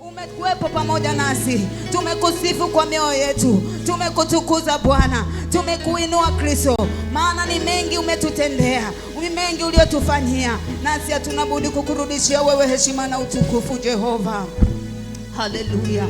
Umekuwepo pamoja nasi, tumekusifu kwa mioyo yetu, tumekutukuza Bwana, tumekuinua Kristo, maana ni mengi umetutendea, ni mengi uliotufanyia, nasi hatuna budi kukurudishia wewe heshima na utukufu, Jehova. Haleluya!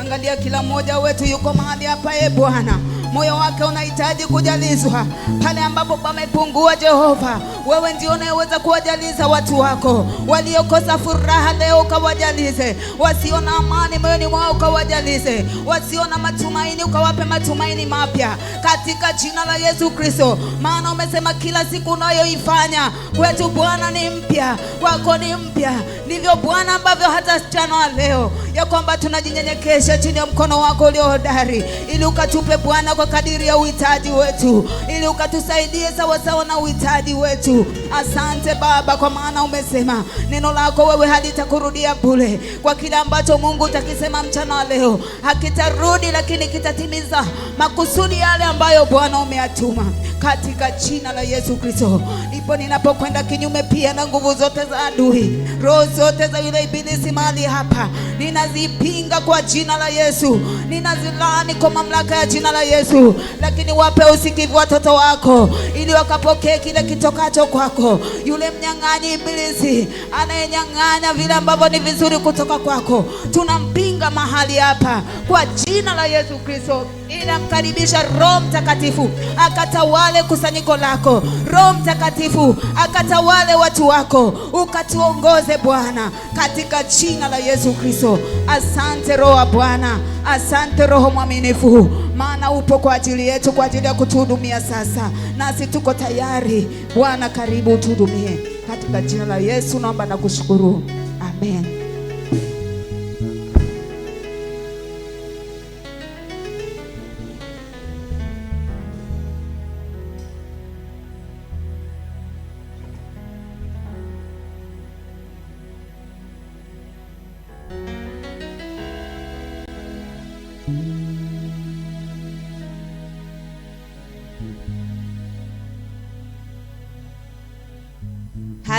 Angalia kila mmoja wetu yuko mahali hapa, e Bwana moyo wake unahitaji kujalizwa pale ambapo pamepungua. Jehova, wewe ndio unayeweza kuwajaliza watu wako waliokosa furaha leo, ukawajalize. Wasio na amani moyoni mwao, ukawajalize. Wasio na matumaini, ukawape matumaini mapya katika jina la Yesu Kristo, maana umesema kila siku unayoifanya kwetu Bwana ni mpya, kwako ni mpya. Ndivyo Bwana ambavyo hata mchana leo ya kwamba tunajinyenyekesha chini ya mkono wako ulio hodari, ili ukatupe Bwana kwa kadiri ya uhitaji wetu, ili ukatusaidie sawasawa na uhitaji wetu. Asante Baba, kwa maana umesema neno lako wewe halitakurudia bure. Kwa kile ambacho Mungu utakisema mchana wa leo hakitarudi, lakini kitatimiza makusudi yale ambayo Bwana umeatuma, katika jina la Yesu Kristo ndipo ninapokwenda kinyume pia na nguvu zote za adui, roho zote za yule ibilisi mahali hapa ninazipinga kwa jina la Yesu, ninazilaani kwa mamlaka ya jina la Yesu. Lakini wape usikivu watoto wako, ili wakapokee kile kitokacho kwako. Yule mnyang'anyi ibilisi anayenyang'anya vile ambavyo ni vizuri kutoka kwako, tunampinga kukinga mahali hapa kwa jina la Yesu Kristo. Inamkaribisha Roho Mtakatifu akatawale kusanyiko lako. Roho Mtakatifu akatawale watu wako, ukatuongoze Bwana, katika jina la Yesu Kristo. Asante Roho wa Bwana, asante Roho mwaminifu, maana upo kwa ajili yetu, kwa ajili ya kutuhudumia sasa, nasi tuko tayari. Bwana, karibu utuhudumie, katika jina la Yesu naomba na kushukuru, amen.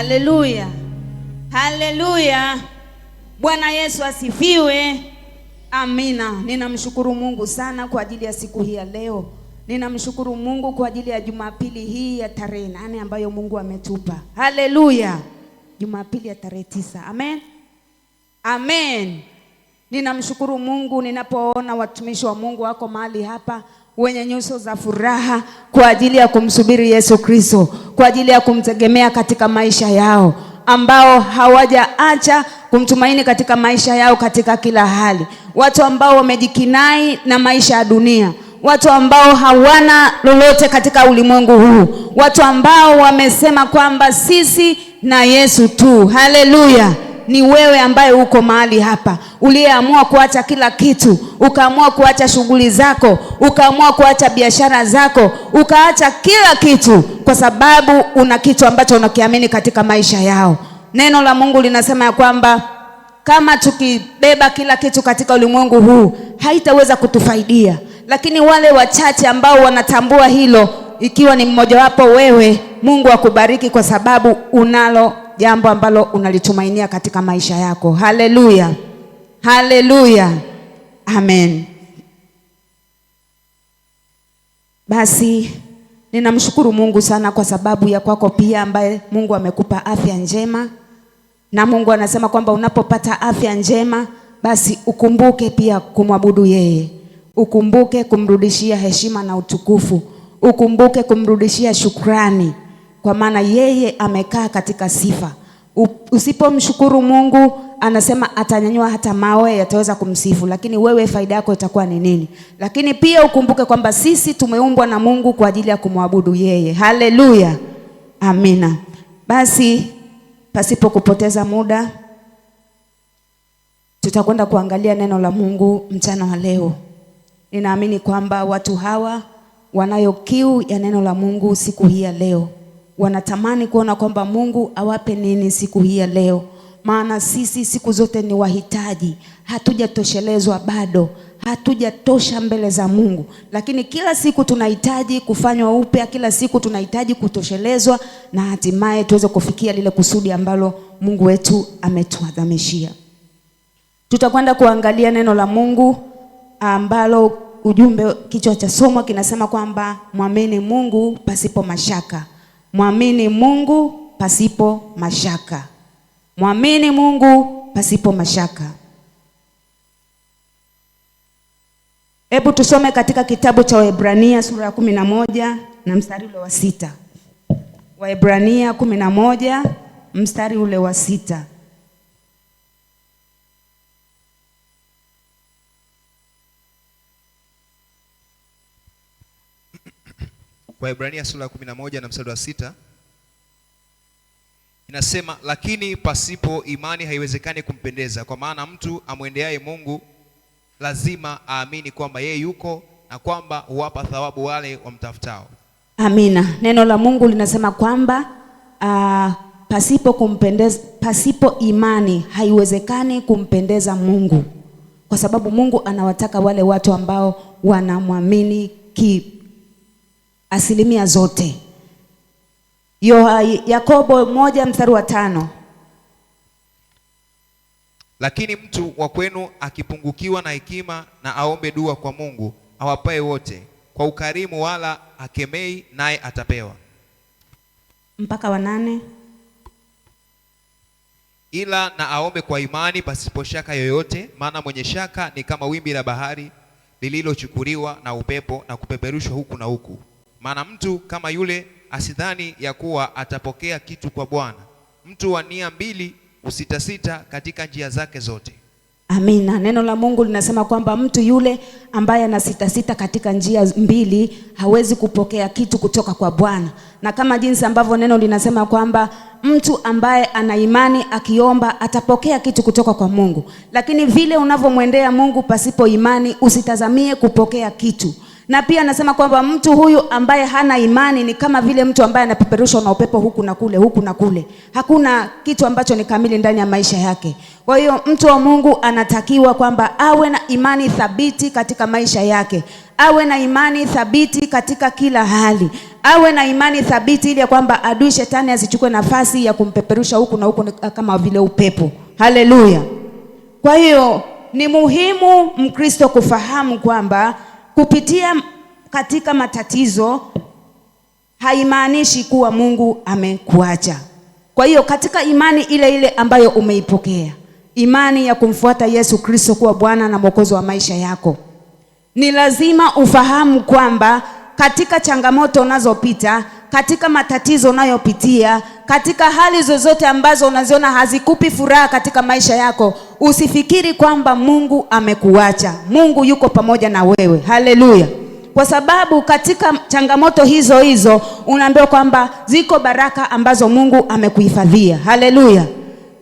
Haleluya, haleluya! Bwana Yesu asifiwe. Amina. Ninamshukuru Mungu sana kwa ajili ya siku hii ya leo. Ninamshukuru Mungu kwa ajili ya Jumapili hii ya tarehe nane ambayo Mungu ametupa. Haleluya, Jumapili ya tarehe tisa. Amen, amen. Ninamshukuru Mungu ninapoona watumishi wa Mungu wako mahali hapa wenye nyuso za furaha kwa ajili ya kumsubiri Yesu Kristo, kwa ajili ya kumtegemea katika maisha yao, ambao hawajaacha kumtumaini katika maisha yao katika kila hali, watu ambao wamejikinai na maisha ya dunia, watu ambao hawana lolote katika ulimwengu huu, watu ambao wamesema kwamba sisi na Yesu tu. Haleluya! ni wewe ambaye uko mahali hapa, uliyeamua kuacha kila kitu, ukaamua kuacha shughuli zako, ukaamua kuacha biashara zako, ukaacha kila kitu, kwa sababu una kitu ambacho unakiamini katika maisha yao. Neno la Mungu linasema ya kwamba kama tukibeba kila kitu katika ulimwengu huu haitaweza kutufaidia, lakini wale wachache ambao wanatambua hilo, ikiwa ni mmojawapo wewe, Mungu akubariki kwa sababu unalo jambo ambalo unalitumainia katika maisha yako. Haleluya, haleluya, amen. Basi ninamshukuru Mungu sana kwa sababu ya kwako pia, ambaye Mungu amekupa afya njema, na Mungu anasema kwamba unapopata afya njema, basi ukumbuke pia kumwabudu yeye, ukumbuke kumrudishia heshima na utukufu, ukumbuke kumrudishia shukrani kwa maana yeye amekaa katika sifa. Usipomshukuru Mungu anasema atanyanyua hata mawe yataweza kumsifu, lakini wewe faida yako itakuwa ni nini? Lakini pia ukumbuke kwamba sisi tumeumbwa na Mungu kwa ajili ya kumwabudu yeye. Haleluya, amina. Basi pasipo kupoteza muda, tutakwenda kuangalia neno la Mungu mchana wa leo. Ninaamini kwamba watu hawa wanayo kiu ya neno la Mungu siku hii ya leo wanatamani kuona kwamba Mungu awape nini siku hii ya leo, maana sisi siku zote ni wahitaji, hatujatoshelezwa bado, hatujatosha mbele za Mungu, lakini kila siku tunahitaji kufanywa upya, kila siku tunahitaji kutoshelezwa na hatimaye tuweze kufikia lile kusudi ambalo Mungu wetu ametuadhamishia. Tutakwenda kuangalia neno la Mungu ambalo ujumbe, kichwa cha somo kinasema kwamba mwamini Mungu pasipo mashaka. Mwamini Mungu pasipo mashaka. Mwamini Mungu pasipo mashaka. Hebu tusome katika kitabu cha Waebrania sura ya kumi na moja na mstari ule wa sita. Waebrania kumi na moja mstari ule wa sita. Waebrania sura ya 11 na mstari wa sita inasema, lakini pasipo imani haiwezekani kumpendeza, kwa maana mtu amwendeaye Mungu lazima aamini kwamba yeye yuko na kwamba huwapa thawabu wale wamtafutao. Amina. Neno la Mungu linasema kwamba uh, pasipo kumpendeza, pasipo imani haiwezekani kumpendeza Mungu, kwa sababu Mungu anawataka wale watu ambao wanamwamini asilimia zote. Yoha, Yakobo moja mstari wa tano. Lakini mtu wa kwenu akipungukiwa na hekima na aombe dua kwa Mungu awapae wote kwa ukarimu, wala akemei, naye atapewa. Mpaka wa nane. Ila na aombe kwa imani pasipo shaka yoyote, maana mwenye shaka ni kama wimbi la bahari lililochukuliwa na upepo na kupeperushwa huku na huku. Maana mtu kama yule asidhani ya kuwa atapokea kitu kwa Bwana. Mtu wa nia mbili usitasita katika njia zake zote. Amina. Neno la Mungu linasema kwamba mtu yule ambaye anasitasita katika njia mbili hawezi kupokea kitu kutoka kwa Bwana, na kama jinsi ambavyo neno linasema kwamba mtu ambaye ana imani akiomba atapokea kitu kutoka kwa Mungu. Lakini vile unavyomwendea Mungu pasipo imani, usitazamie kupokea kitu. Na pia anasema kwamba mtu huyu ambaye hana imani ni kama vile mtu ambaye anapeperushwa na upepo huku na kule, huku na kule. Hakuna kitu ambacho ni kamili ndani ya maisha yake. Kwa hiyo mtu wa Mungu anatakiwa kwamba awe na imani thabiti katika maisha yake, awe na imani thabiti katika kila hali, awe na imani thabiti ili ya kwamba adui shetani asichukue nafasi ya kumpeperusha huku na huku kama vile upepo. Haleluya! Kwa hiyo ni muhimu Mkristo kufahamu kwamba kupitia katika matatizo haimaanishi kuwa Mungu amekuacha. Kwa hiyo katika imani ile ile ambayo umeipokea, imani ya kumfuata Yesu Kristo kuwa Bwana na Mwokozi wa maisha yako, ni lazima ufahamu kwamba katika changamoto unazopita katika matatizo unayopitia, katika hali zozote ambazo unaziona hazikupi furaha katika maisha yako, usifikiri kwamba Mungu amekuacha. Mungu yuko pamoja na wewe. Haleluya! Kwa sababu katika changamoto hizo hizo unaambiwa kwamba ziko baraka ambazo Mungu amekuhifadhia. Haleluya!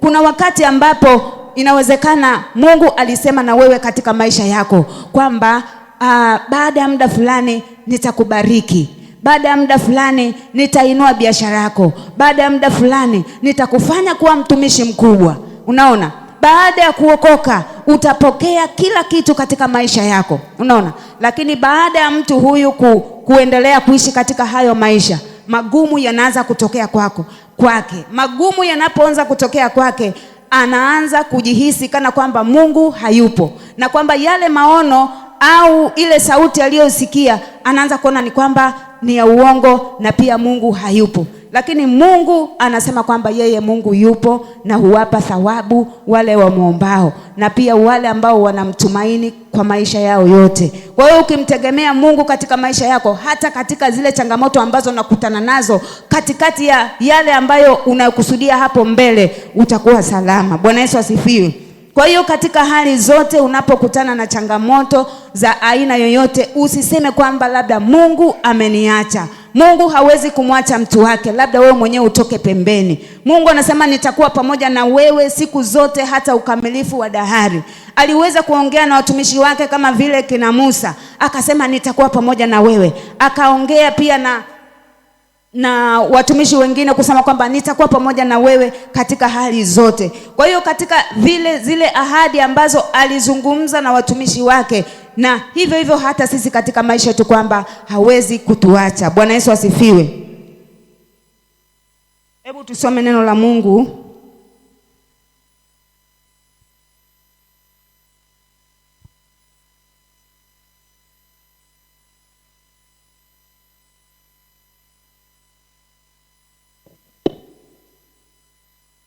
Kuna wakati ambapo inawezekana Mungu alisema na wewe katika maisha yako kwamba ah, baada ya muda fulani nitakubariki baada ya muda fulani nitainua biashara yako, baada ya muda fulani nitakufanya kuwa mtumishi mkubwa. Unaona, baada ya kuokoka utapokea kila kitu katika maisha yako, unaona. Lakini baada ya mtu huyu ku, kuendelea kuishi katika hayo maisha, magumu yanaanza kutokea kwako kwake. Magumu yanapoanza kutokea kwake anaanza kujihisi kana kwamba Mungu hayupo na kwamba yale maono au ile sauti aliyosikia anaanza kuona ni kwamba ni ya uongo na pia Mungu hayupo. Lakini Mungu anasema kwamba yeye Mungu yupo na huwapa thawabu wale wamwombao na pia wale ambao wanamtumaini kwa maisha yao yote. Kwa hiyo ukimtegemea Mungu katika maisha yako, hata katika zile changamoto ambazo unakutana nazo, katikati ya yale ambayo unayokusudia hapo mbele, utakuwa salama. Bwana Yesu asifiwe. Kwa hiyo katika hali zote unapokutana na changamoto za aina yoyote, usiseme kwamba labda Mungu ameniacha. Mungu hawezi kumwacha mtu wake, labda wewe mwenyewe utoke pembeni. Mungu anasema nitakuwa pamoja na wewe siku zote hata ukamilifu wa dahari. Aliweza kuongea na watumishi wake kama vile kina Musa, akasema nitakuwa pamoja na wewe. Akaongea pia na na watumishi wengine kusema kwamba nitakuwa pamoja na wewe katika hali zote. Kwa hiyo katika vile zile ahadi ambazo alizungumza na watumishi wake, na hivyo hivyo hata sisi katika maisha yetu kwamba hawezi kutuacha. Bwana Yesu asifiwe. Hebu tusome neno la Mungu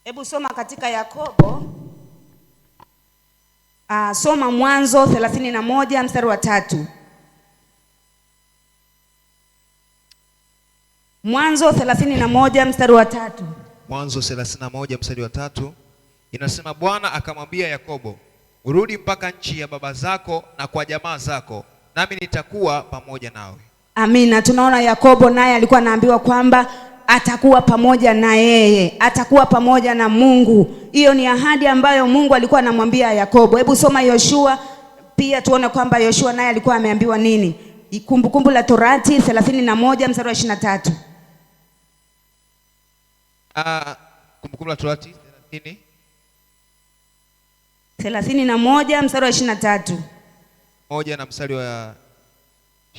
Hebu soma katika Yakobo uh, soma Mwanzo 31 mstari wa tatu. Mwanzo 31 mstari wa tatu. Mwanzo 31 mstari wa tatu inasema, Bwana akamwambia Yakobo, urudi mpaka nchi ya baba zako na kwa jamaa zako, nami nitakuwa pamoja nawe. Amina. Tunaona Yakobo naye alikuwa anaambiwa kwamba atakuwa pamoja na yeye, atakuwa pamoja na Mungu. Hiyo ni ahadi ambayo Mungu alikuwa anamwambia Yakobo. Hebu soma Yoshua pia tuone kwamba Yoshua naye alikuwa ameambiwa nini. Kumbukumbu kumbu la Torati 31 mstari wa 23. Ah, Kumbukumbu la Torati 30 31 mstari wa 23. Moja na mstari wa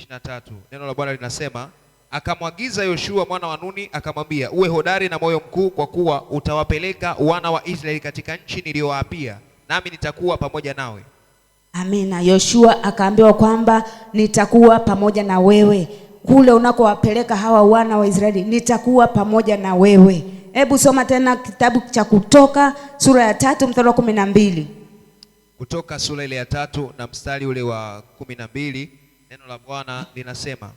23. Neno la Bwana linasema akamwagiza Yoshua mwana wa Nuni akamwambia, uwe hodari na moyo mkuu, kwa kuwa utawapeleka wana wa Israeli katika nchi niliyowaapia, nami nitakuwa pamoja nawe. Amina. Yoshua akaambiwa kwamba nitakuwa pamoja na wewe kule unakowapeleka hawa wana wa Israeli, nitakuwa pamoja na wewe. Hebu soma tena kitabu cha Kutoka sura ya tatu mstari wa kumi na mbili. Kutoka sura ile ya tatu na mstari ule wa kumi na mbili, neno la Bwana linasema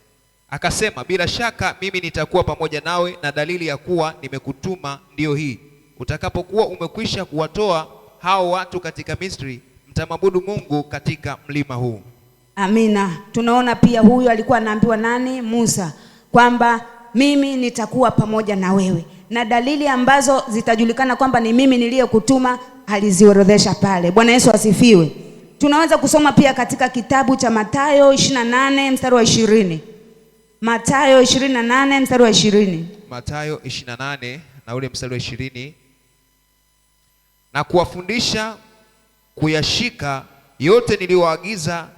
Akasema, bila shaka mimi nitakuwa pamoja nawe, na dalili ya kuwa nimekutuma ndiyo hii, utakapokuwa umekwisha kuwatoa hao watu katika Misri, mtamwabudu Mungu katika mlima huu. Amina. Tunaona pia huyu alikuwa anaambiwa nani? Musa, kwamba mimi nitakuwa pamoja na wewe, na dalili ambazo zitajulikana kwamba ni mimi niliyekutuma aliziorodhesha pale. Bwana Yesu asifiwe. Tunaweza kusoma pia katika kitabu cha Mathayo 28 mstari wa ishirini. Mathayo 28 mstari wa 20. Mathayo 28 na ule mstari wa 20. Na kuwafundisha kuyashika yote niliyoagiza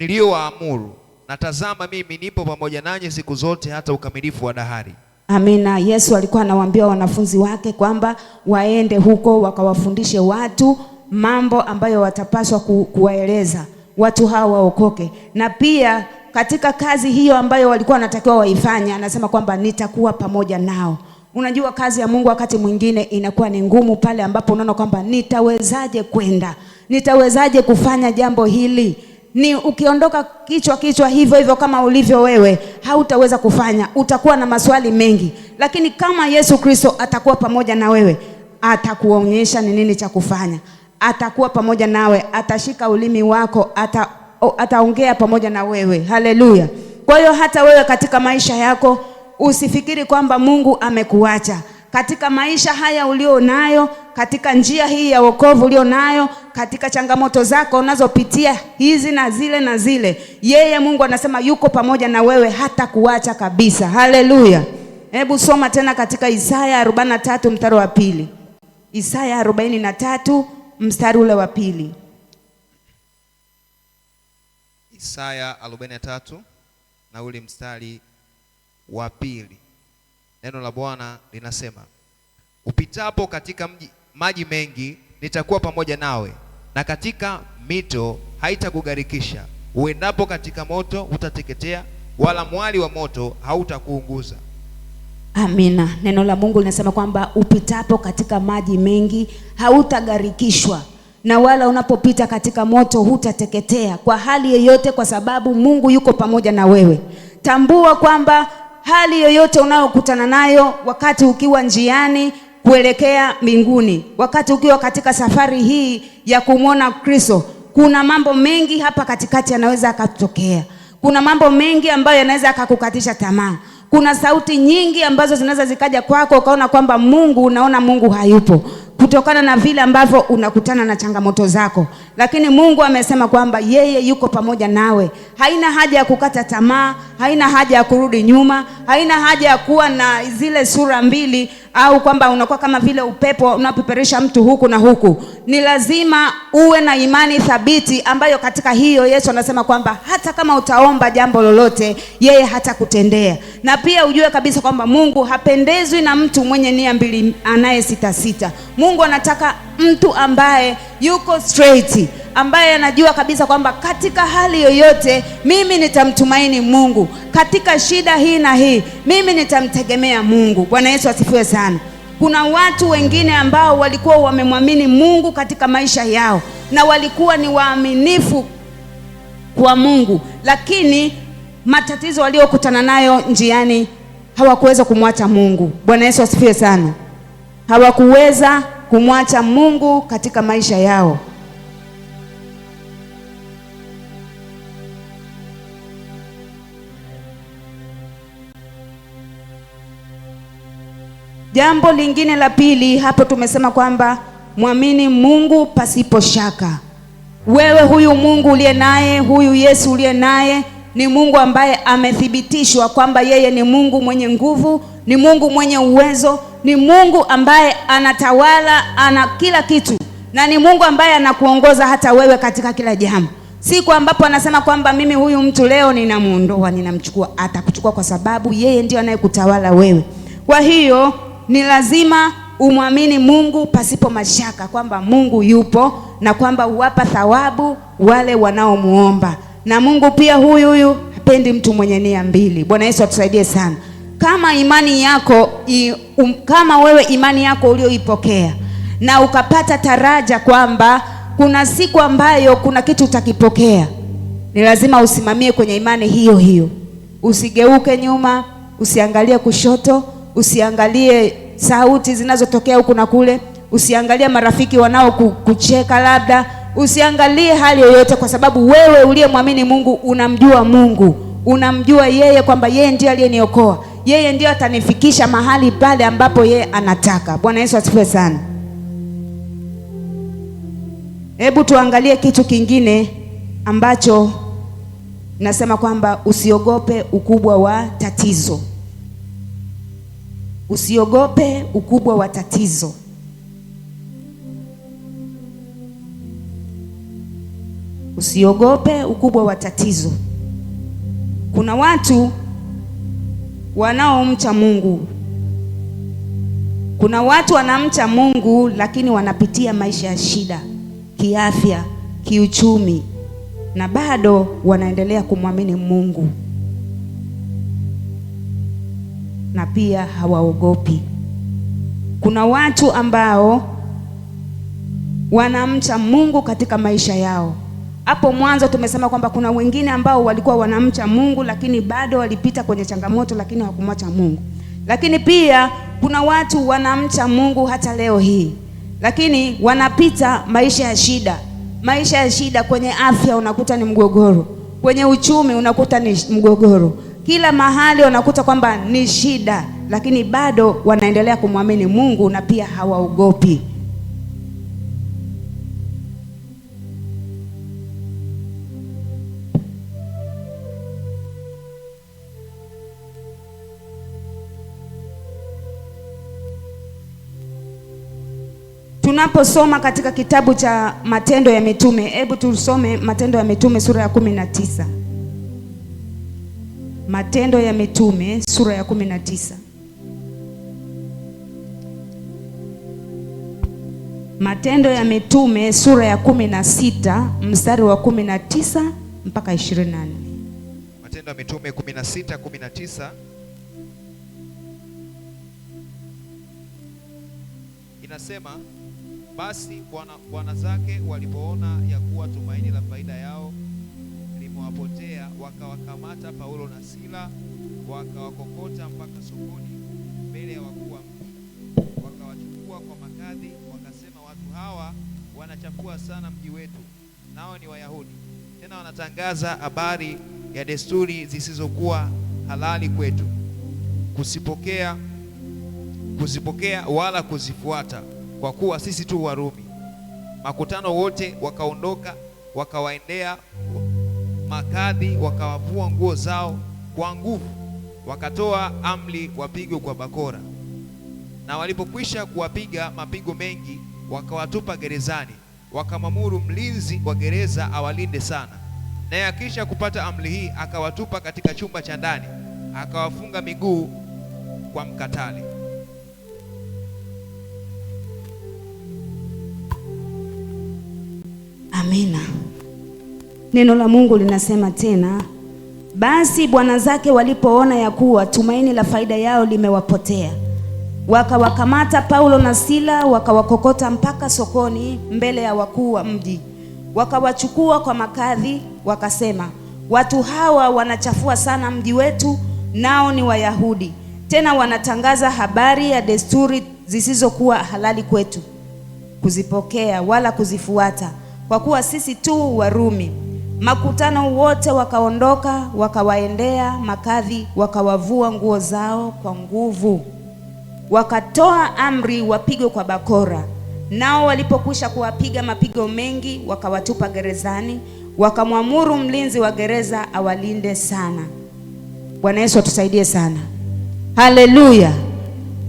niliyowaamuru, na tazama mimi nipo pamoja nanyi siku zote hata ukamilifu wa dahari. Amina. Yesu alikuwa anawaambia wanafunzi wake kwamba waende huko wakawafundishe watu mambo ambayo watapaswa ku, kuwaeleza watu hawa waokoke na pia katika kazi hiyo ambayo walikuwa wanatakiwa waifanye, anasema kwamba nitakuwa pamoja nao. Unajua, kazi ya Mungu wakati mwingine inakuwa ni ngumu pale ambapo unaona kwamba nitawezaje kwenda, nitawezaje kufanya jambo hili. Ni ukiondoka kichwa kichwa hivyo hivyo kama ulivyo wewe, hautaweza kufanya, utakuwa na maswali mengi. Lakini kama Yesu Kristo atakuwa pamoja na wewe, atakuonyesha ni nini cha kufanya, atakuwa pamoja nawe, atashika ulimi wako ata ataongea pamoja na wewe. Haleluya! Kwa hiyo hata wewe katika maisha yako usifikiri kwamba Mungu amekuacha katika maisha haya ulio nayo, katika njia hii ya wokovu ulio nayo, katika changamoto zako unazopitia hizi na zile na zile, yeye Mungu anasema yuko pamoja na wewe, hata kuacha kabisa. Haleluya! Hebu soma tena katika Isaya 43 mstari wa pili, Isaya 43 mstari ule wa pili. Isaya 43 na ule mstari wa pili. Neno la Bwana linasema, upitapo katika mji maji mengi nitakuwa pamoja nawe, na katika mito haitakugarikisha. Uendapo katika moto utateketea, wala mwali wa moto hautakuunguza. Amina. Neno la Mungu linasema kwamba upitapo katika maji mengi hautagarikishwa na wala unapopita katika moto hutateketea kwa hali yoyote, kwa sababu Mungu yuko pamoja na wewe. Tambua kwamba hali yoyote unayokutana nayo wakati ukiwa njiani kuelekea mbinguni, wakati ukiwa katika safari hii ya kumwona Kristo, kuna mambo mengi hapa katikati yanaweza akatokea. Kuna mambo mengi ambayo yanaweza akakukatisha tamaa. Kuna sauti nyingi ambazo zinaweza zikaja kwako, ukaona kwamba Mungu, unaona Mungu hayupo kutokana na vile ambavyo unakutana na changamoto zako, lakini Mungu amesema kwamba yeye yuko pamoja nawe, haina haja ya kukata tamaa haina haja ya kurudi nyuma, haina haja ya kuwa na zile sura mbili, au kwamba unakuwa kama vile upepo unapeperesha mtu huku na huku. Ni lazima uwe na imani thabiti, ambayo katika hiyo Yesu anasema kwamba hata kama utaomba jambo lolote, yeye hatakutendea. Na pia ujue kabisa kwamba Mungu hapendezwi na mtu mwenye nia mbili, anaye sita sita. Mungu anataka mtu ambaye yuko straight ambaye anajua kabisa kwamba katika hali yoyote mimi nitamtumaini Mungu, katika shida hii na hii mimi nitamtegemea Mungu. Bwana Yesu asifiwe sana. Kuna watu wengine ambao walikuwa wamemwamini Mungu katika maisha yao na walikuwa ni waaminifu kwa Mungu, lakini matatizo waliokutana nayo njiani hawakuweza kumwacha Mungu. Bwana Yesu asifiwe sana. Hawakuweza kumwacha Mungu katika maisha yao. Jambo lingine la pili hapo tumesema kwamba mwamini Mungu pasipo shaka. Wewe huyu Mungu uliye naye, huyu Yesu uliye naye ni Mungu ambaye amethibitishwa kwamba yeye ni Mungu mwenye nguvu, ni Mungu mwenye uwezo, ni Mungu ambaye anatawala, ana kila kitu na ni Mungu ambaye anakuongoza hata wewe katika kila jambo. Siku ambapo anasema kwamba mimi huyu mtu leo ninamuondoa, ninamchukua, atakuchukua kwa sababu yeye ndiyo anayekutawala wewe. Kwa hiyo ni lazima umwamini Mungu pasipo mashaka kwamba Mungu yupo na kwamba huwapa thawabu wale wanaomuomba, na Mungu pia huyu huyu hapendi mtu mwenye nia mbili. Bwana Yesu atusaidie sana. Kama imani yako i, um, kama wewe imani yako ulioipokea na ukapata taraja kwamba kuna siku ambayo kuna kitu utakipokea, ni lazima usimamie kwenye imani hiyo hiyo, usigeuke nyuma, usiangalie kushoto usiangalie sauti zinazotokea huku na kule, usiangalie marafiki wanaokucheka labda, usiangalie hali yoyote, kwa sababu wewe uliyemwamini Mungu unamjua Mungu, unamjua yeye kwamba yeye ndiye aliyeniokoa, yeye ndiye atanifikisha mahali pale ambapo yeye anataka. Bwana Yesu asifiwe sana. Hebu tuangalie kitu kingine ambacho nasema kwamba usiogope ukubwa wa tatizo. Usiogope ukubwa wa tatizo. Usiogope ukubwa wa tatizo. Kuna watu wanaomcha Mungu, kuna watu wanamcha Mungu lakini wanapitia maisha ya shida kiafya, kiuchumi na bado wanaendelea kumwamini Mungu. na pia hawaogopi. Kuna watu ambao wanamcha Mungu katika maisha yao. Hapo mwanzo tumesema kwamba kuna wengine ambao walikuwa wanamcha Mungu lakini bado walipita kwenye changamoto, lakini hawakumwacha Mungu. Lakini pia kuna watu wanamcha Mungu hata leo hii, lakini wanapita maisha ya shida. Maisha ya shida, kwenye afya unakuta ni mgogoro, kwenye uchumi unakuta ni mgogoro kila mahali wanakuta kwamba ni shida, lakini bado wanaendelea kumwamini Mungu na pia hawaogopi. Tunaposoma katika kitabu cha Matendo ya Mitume, hebu tusome Matendo ya Mitume sura ya kumi na tisa. Matendo ya Mitume sura ya 19. Matendo ya Mitume sura ya 16 mstari wa 19 mpaka 24. Matendo ya Mitume 16, 19 inasema basi bwana zake walipoona ya kuwa tumaini la faida yao wamewapotea, wakawakamata Paulo na Sila, wakawakokota mpaka sokoni mbele ya wakuu wa mji, wakawachukua kwa makadhi, wakasema, watu hawa wanachafua sana mji wetu, nao ni Wayahudi, tena wanatangaza habari ya desturi zisizokuwa halali kwetu kusipokea kuzipokea wala kuzifuata, kwa kuwa sisi tu Warumi. Makutano wote wakaondoka wakawaendea makadhi wakawavua nguo zao kwa nguvu, wakatoa amri wapigwe kwa bakora. Na walipokwisha kuwapiga mapigo mengi, wakawatupa gerezani, wakamwamuru mlinzi wa gereza awalinde sana. Naye akisha kupata amri hii, akawatupa katika chumba cha ndani, akawafunga miguu kwa mkatale. Amina. Neno la Mungu linasema tena, basi bwana zake walipoona ya kuwa tumaini la faida yao limewapotea, wakawakamata Paulo na Sila, wakawakokota mpaka sokoni mbele ya wakuu wa mji, wakawachukua kwa makadhi, wakasema, watu hawa wanachafua sana mji wetu, nao ni Wayahudi, tena wanatangaza habari ya desturi zisizokuwa halali kwetu kuzipokea wala kuzifuata, kwa kuwa sisi tu Warumi Makutano wote wakaondoka wakawaendea makadhi, wakawavua nguo zao kwa nguvu, wakatoa amri wapigwe kwa bakora. Nao walipokwisha kuwapiga mapigo mengi, wakawatupa gerezani, wakamwamuru mlinzi wa gereza awalinde sana. Bwana Yesu atusaidie sana, haleluya.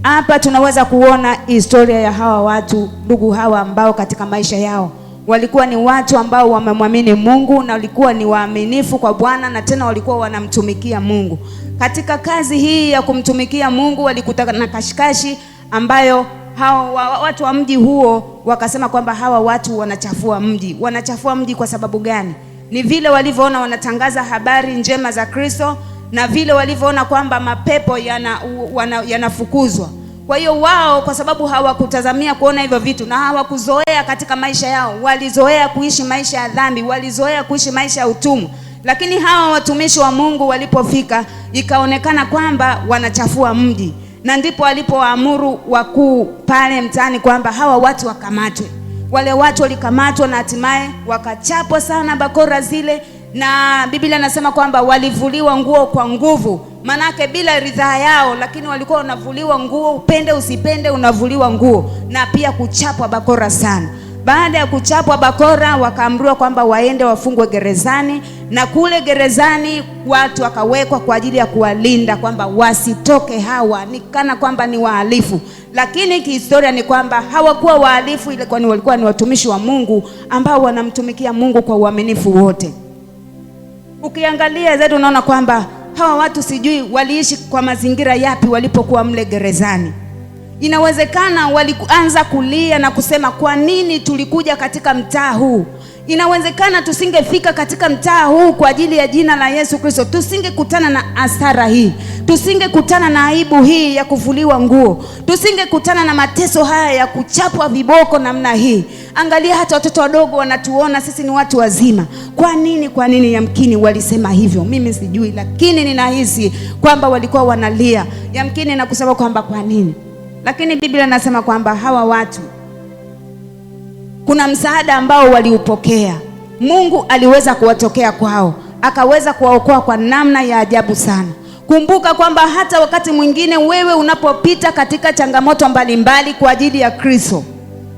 Hapa tunaweza kuona historia ya hawa watu, ndugu hawa ambao katika maisha yao walikuwa ni watu ambao wamemwamini Mungu na walikuwa ni waaminifu kwa Bwana na tena walikuwa wanamtumikia Mungu. Katika kazi hii ya kumtumikia Mungu walikutana na kashikashi ambayo hao watu wa mji huo wakasema kwamba hawa watu wanachafua mji. Wanachafua mji kwa sababu gani? Ni vile walivyoona wanatangaza habari njema za Kristo na vile walivyoona kwamba mapepo yanafukuzwa, yana kwa hiyo wao, kwa sababu hawakutazamia kuona hivyo vitu na hawakuzoea katika maisha yao, walizoea kuishi maisha ya dhambi, walizoea kuishi maisha ya utumwa. Lakini hawa watumishi wa Mungu walipofika, ikaonekana kwamba wanachafua mji, na ndipo walipoamuru wakuu pale mtaani kwamba hawa watu wakamatwe. Wale watu walikamatwa na hatimaye wakachapwa sana bakora zile, na Biblia nasema kwamba walivuliwa nguo kwa nguvu Manake bila ridhaa yao, lakini walikuwa unavuliwa nguo, upende usipende, unavuliwa nguo na pia kuchapwa bakora sana. Baada ya kuchapwa bakora, wakaamriwa kwamba waende wafungwe gerezani, na kule gerezani watu wakawekwa kwa ajili ya kuwalinda kwamba wasitoke hawa, kana kwamba ni wahalifu. Lakini kihistoria ni kwamba hawakuwa wahalifu, ile kwani walikuwa ni watumishi wa Mungu ambao wanamtumikia Mungu kwa uaminifu wote. Ukiangalia zaidi unaona kwamba hawa watu sijui waliishi kwa mazingira yapi walipokuwa mle gerezani. Inawezekana walianza kulia na kusema, kwa nini tulikuja katika mtaa huu? Inawezekana tusingefika katika mtaa huu kwa ajili ya jina la Yesu Kristo, tusingekutana na asara hii, tusingekutana na aibu hii ya kuvuliwa nguo, tusingekutana na mateso haya ya kuchapwa viboko namna hii. Angalia, hata watoto wadogo wanatuona sisi ni watu wazima. Kwa nini? Kwa nini? Yamkini walisema hivyo, mimi sijui, lakini ninahisi kwamba walikuwa wanalia, yamkini na kusema kwamba kwa nini, lakini Biblia nasema kwamba hawa watu kuna msaada ambao waliupokea, Mungu aliweza kuwatokea kwao, akaweza kuwaokoa kwa namna ya ajabu sana. Kumbuka kwamba hata wakati mwingine wewe unapopita katika changamoto mbalimbali mbali kwa ajili ya Kristo,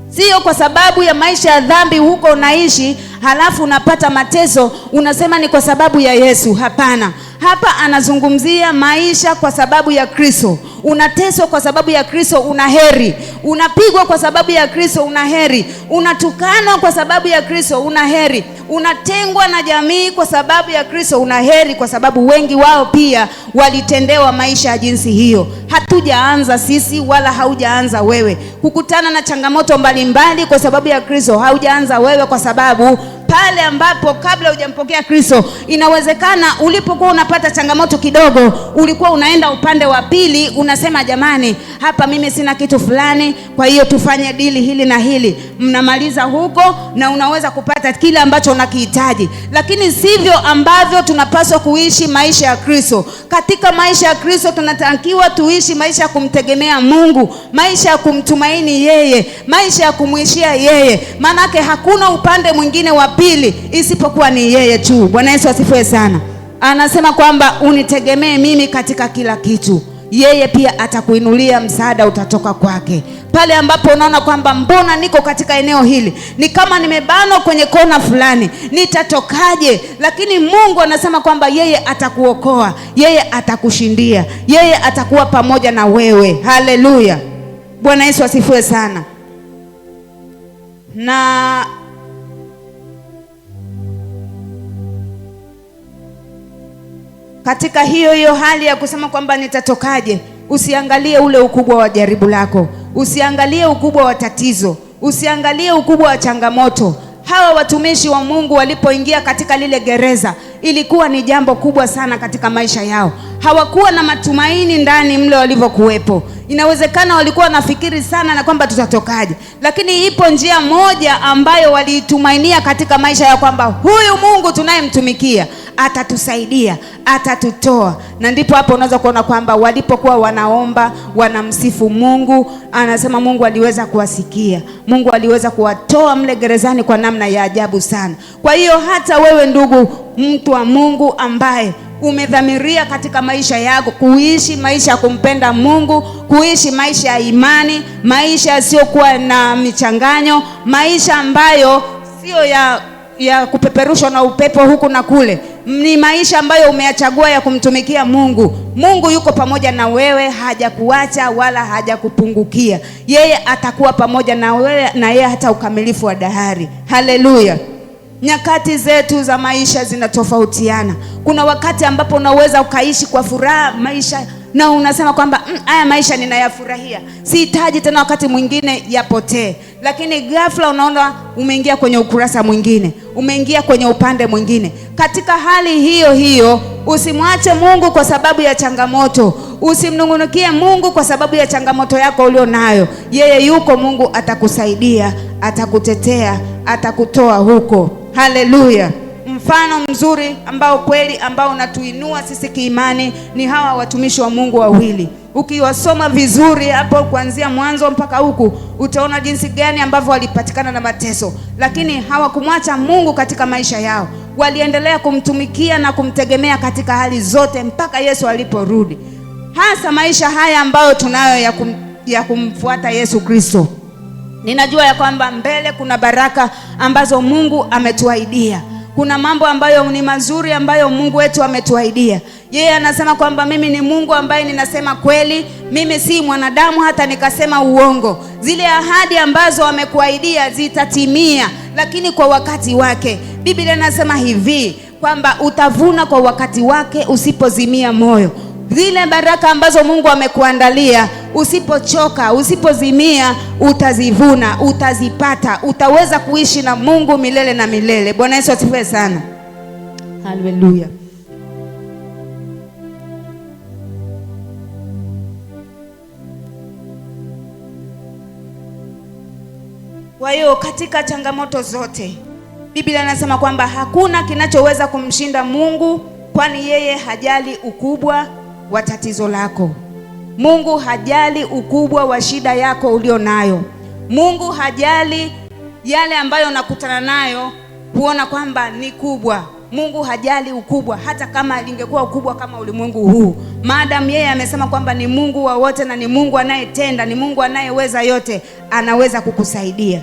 sio kwa sababu ya maisha ya dhambi huko unaishi, halafu unapata mateso unasema ni kwa sababu ya Yesu. Hapana. Hapa anazungumzia maisha kwa sababu ya Kristo. Unateswa kwa sababu ya Kristo, una heri. Unapigwa kwa sababu ya Kristo, una heri. Unatukanwa kwa sababu ya Kristo, una heri. Unatengwa na jamii kwa sababu ya Kristo, una heri, kwa sababu wengi wao pia walitendewa maisha ya jinsi hiyo. Hatujaanza sisi wala haujaanza wewe. Kukutana na changamoto mbalimbali mbali kwa sababu ya Kristo, haujaanza wewe, kwa sababu pale ambapo kabla hujampokea Kristo, inawezekana ulipokuwa unapata changamoto kidogo, ulikuwa unaenda upande wa pili, unasema jamani, hapa mimi sina kitu fulani, kwa hiyo tufanye dili hili na hili. Mnamaliza huko na unaweza kupata kile ambacho unakihitaji, lakini sivyo ambavyo tunapaswa kuishi maisha ya Kristo. Katika maisha ya Kristo tunatakiwa tuishi maisha ya kumtegemea Mungu, maisha ya kumtumaini yeye, maisha ya kumwishia yeye, maanake hakuna upande mwingine wa pili isipokuwa ni yeye tu. Bwana Yesu asifiwe sana. Anasema kwamba unitegemee mimi katika kila kitu, yeye pia atakuinulia msaada utatoka kwake. Pale ambapo unaona kwamba mbona niko katika eneo hili, ni kama nimebanwa kwenye kona fulani, nitatokaje? Lakini Mungu anasema kwamba yeye atakuokoa, yeye atakushindia, yeye atakuwa pamoja na wewe. Haleluya! Bwana Yesu asifiwe sana na Katika hiyo hiyo hali ya kusema kwamba nitatokaje, usiangalie ule ukubwa wa jaribu lako, usiangalie ukubwa wa tatizo, usiangalie ukubwa wa changamoto. Hawa watumishi wa Mungu walipoingia katika lile gereza, ilikuwa ni jambo kubwa sana katika maisha yao. Hawakuwa na matumaini ndani mle walivyokuwepo. Inawezekana walikuwa wanafikiri sana na kwamba tutatokaje, lakini ipo njia moja ambayo waliitumainia katika maisha yao, kwamba huyu Mungu tunayemtumikia atatusaidia, atatutoa. Na ndipo hapo unaweza kuona kwamba walipokuwa wanaomba wanamsifu Mungu, anasema Mungu aliweza kuwasikia, Mungu aliweza kuwatoa mle gerezani kwa namna ya ajabu sana. Kwa hiyo hata wewe ndugu, mtu wa Mungu ambaye umedhamiria katika maisha yako kuishi maisha ya kumpenda Mungu, kuishi maisha ya imani, maisha yasiyokuwa na michanganyo, maisha ambayo sio ya, ya kupeperushwa na upepo huku na kule ni maisha ambayo umeyachagua ya kumtumikia Mungu. Mungu yuko pamoja na wewe, hajakuacha wala hajakupungukia. Yeye atakuwa pamoja na wewe na yeye hata ukamilifu wa dahari. Haleluya! Nyakati zetu za maisha zinatofautiana. Kuna wakati ambapo unaweza ukaishi kwa furaha maisha na unasema kwamba mm, haya mm, maisha ninayafurahia, sihitaji tena wakati mwingine yapotee. Lakini ghafla unaona umeingia kwenye ukurasa mwingine, umeingia kwenye upande mwingine. Katika hali hiyo hiyo, usimwache Mungu kwa sababu ya changamoto, usimnung'unikie Mungu kwa sababu ya changamoto yako ulionayo. Yeye yuko, Mungu atakusaidia, atakutetea, atakutoa huko. Haleluya! Mfano mzuri ambao kweli ambao unatuinua sisi kiimani ni hawa watumishi wa Mungu wawili. Ukiwasoma vizuri hapo kuanzia mwanzo mpaka huku utaona jinsi gani ambavyo walipatikana na mateso, lakini hawakumwacha Mungu katika maisha yao. Waliendelea kumtumikia na kumtegemea katika hali zote mpaka Yesu aliporudi. Hasa maisha haya ambayo tunayo ya, kum, ya kumfuata Yesu Kristo. Ninajua ya kwamba mbele kuna baraka ambazo Mungu ametuahidia. Kuna mambo ambayo ni mazuri ambayo Mungu wetu ametuahidia. Yeye anasema kwamba mimi ni Mungu ambaye ninasema kweli, mimi si mwanadamu hata nikasema uongo. Zile ahadi ambazo amekuahidia zitatimia, lakini kwa wakati wake. Biblia inasema hivi kwamba utavuna kwa wakati wake usipozimia moyo. Zile baraka ambazo Mungu amekuandalia, usipochoka, usipozimia, utazivuna, utazipata, utaweza kuishi na Mungu milele na milele. Bwana Yesu asifiwe sana. Haleluya. Kwa hiyo katika changamoto zote Biblia inasema kwamba hakuna kinachoweza kumshinda Mungu, kwani yeye hajali ukubwa wa tatizo lako. Mungu hajali ukubwa wa shida yako ulio nayo. Mungu hajali yale ambayo unakutana nayo huona kwamba ni kubwa. Mungu hajali ukubwa, hata kama lingekuwa ukubwa kama ulimwengu huu, maadamu yeye amesema kwamba ni Mungu wa wote na ni Mungu anayetenda, ni Mungu anayeweza yote, anaweza kukusaidia.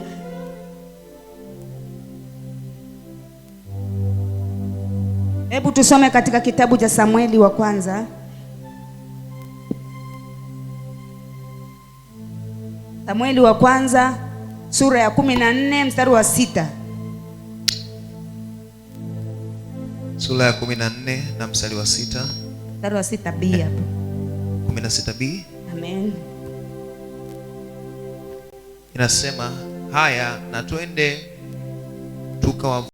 Hebu tusome katika kitabu cha Samueli wa kwanza Samueli wa kwanza sura ya kumi na nne mstari wa sita sura ya kumi na nne na mstari wa sita mstari wa sita b hapo kumi na sita b Amen. Inasema haya, na twende tukawa